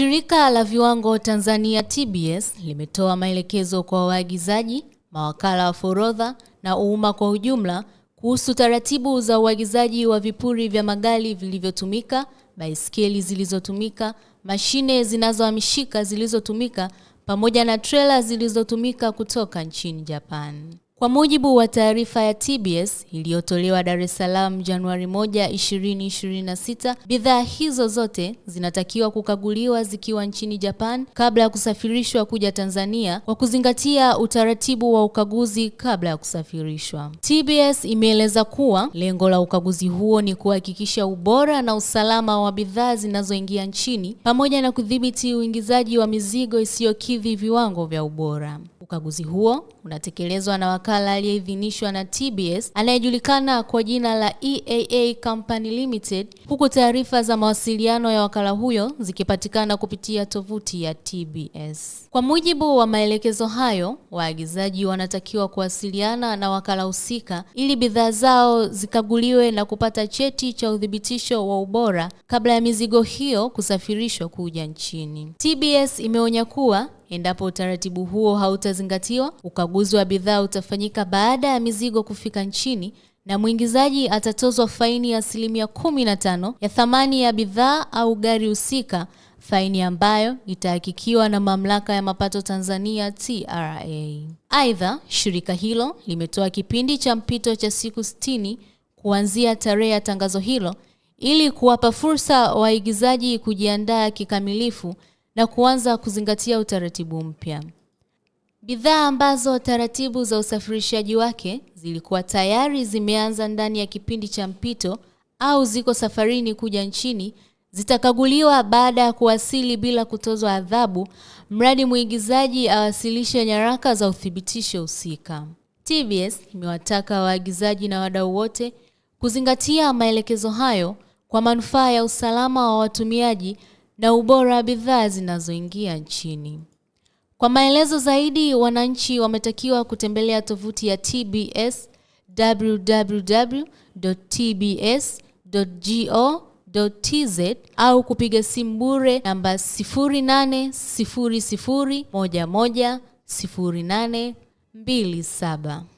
Shirika la Viwango Tanzania TBS limetoa maelekezo kwa waagizaji, mawakala wa forodha na umma kwa ujumla kuhusu taratibu za uagizaji wa vipuri vya magari vilivyotumika, baiskeli zilizotumika, mashine zinazohamishika zilizotumika pamoja na trela zilizotumika kutoka nchini Japan. Kwa mujibu wa taarifa ya TBS iliyotolewa Dar es Salaam Januari 1, 2026, bidhaa hizo zote zinatakiwa kukaguliwa zikiwa nchini Japan kabla ya kusafirishwa kuja Tanzania kwa kuzingatia utaratibu wa ukaguzi kabla ya kusafirishwa. TBS imeeleza kuwa lengo la ukaguzi huo ni kuhakikisha ubora na usalama wa bidhaa zinazoingia nchini pamoja na kudhibiti uingizaji wa mizigo isiyokidhi viwango vya ubora. Ukaguzi huo unatekelezwa na wakala aliyeidhinishwa na TBS anayejulikana kwa jina la EAA Company Limited, huku taarifa za mawasiliano ya wakala huyo zikipatikana kupitia tovuti ya TBS. Kwa mujibu wa maelekezo hayo, waagizaji wanatakiwa kuwasiliana na wakala husika ili bidhaa zao zikaguliwe na kupata cheti cha uthibitisho wa ubora kabla ya mizigo hiyo kusafirishwa kuja nchini. TBS imeonya kuwa Endapo utaratibu huo hautazingatiwa, ukaguzi wa bidhaa utafanyika baada ya mizigo kufika nchini na mwingizaji atatozwa faini ya asilimia kumi na tano ya thamani ya bidhaa au gari husika, faini ambayo itahakikiwa na Mamlaka ya Mapato Tanzania TRA. Aidha, shirika hilo limetoa kipindi cha mpito cha siku sitini kuanzia tarehe ya tangazo hilo ili kuwapa fursa waigizaji kujiandaa kikamilifu na kuanza kuzingatia utaratibu mpya. Bidhaa ambazo taratibu za usafirishaji wake zilikuwa tayari zimeanza ndani ya kipindi cha mpito au ziko safarini kuja nchini zitakaguliwa baada ya kuwasili bila kutozwa adhabu, mradi mwigizaji awasilishe nyaraka za uthibitisho husika. TBS imewataka waagizaji na wadau wote kuzingatia maelekezo hayo kwa manufaa ya usalama wa watumiaji na ubora wa bidhaa zinazoingia nchini. Kwa maelezo zaidi, wananchi wametakiwa kutembelea tovuti ya TBS www.tbs.go.tz au kupiga simu bure namba 0800110827.